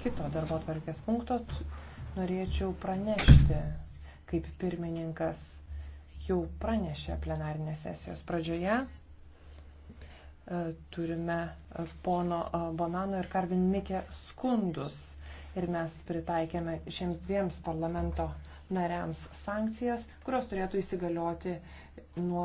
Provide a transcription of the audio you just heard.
kito darbo tvarkės punkto norėčiau pranešti, kaip pirmininkas jau pranešė plenarinės sesijos pradžioje. E, turime pono e, Bonano ir Karvin Mikė skundus ir mes pritaikėme šiems dviems parlamento nariams sankcijas, kurios turėtų įsigalioti nuo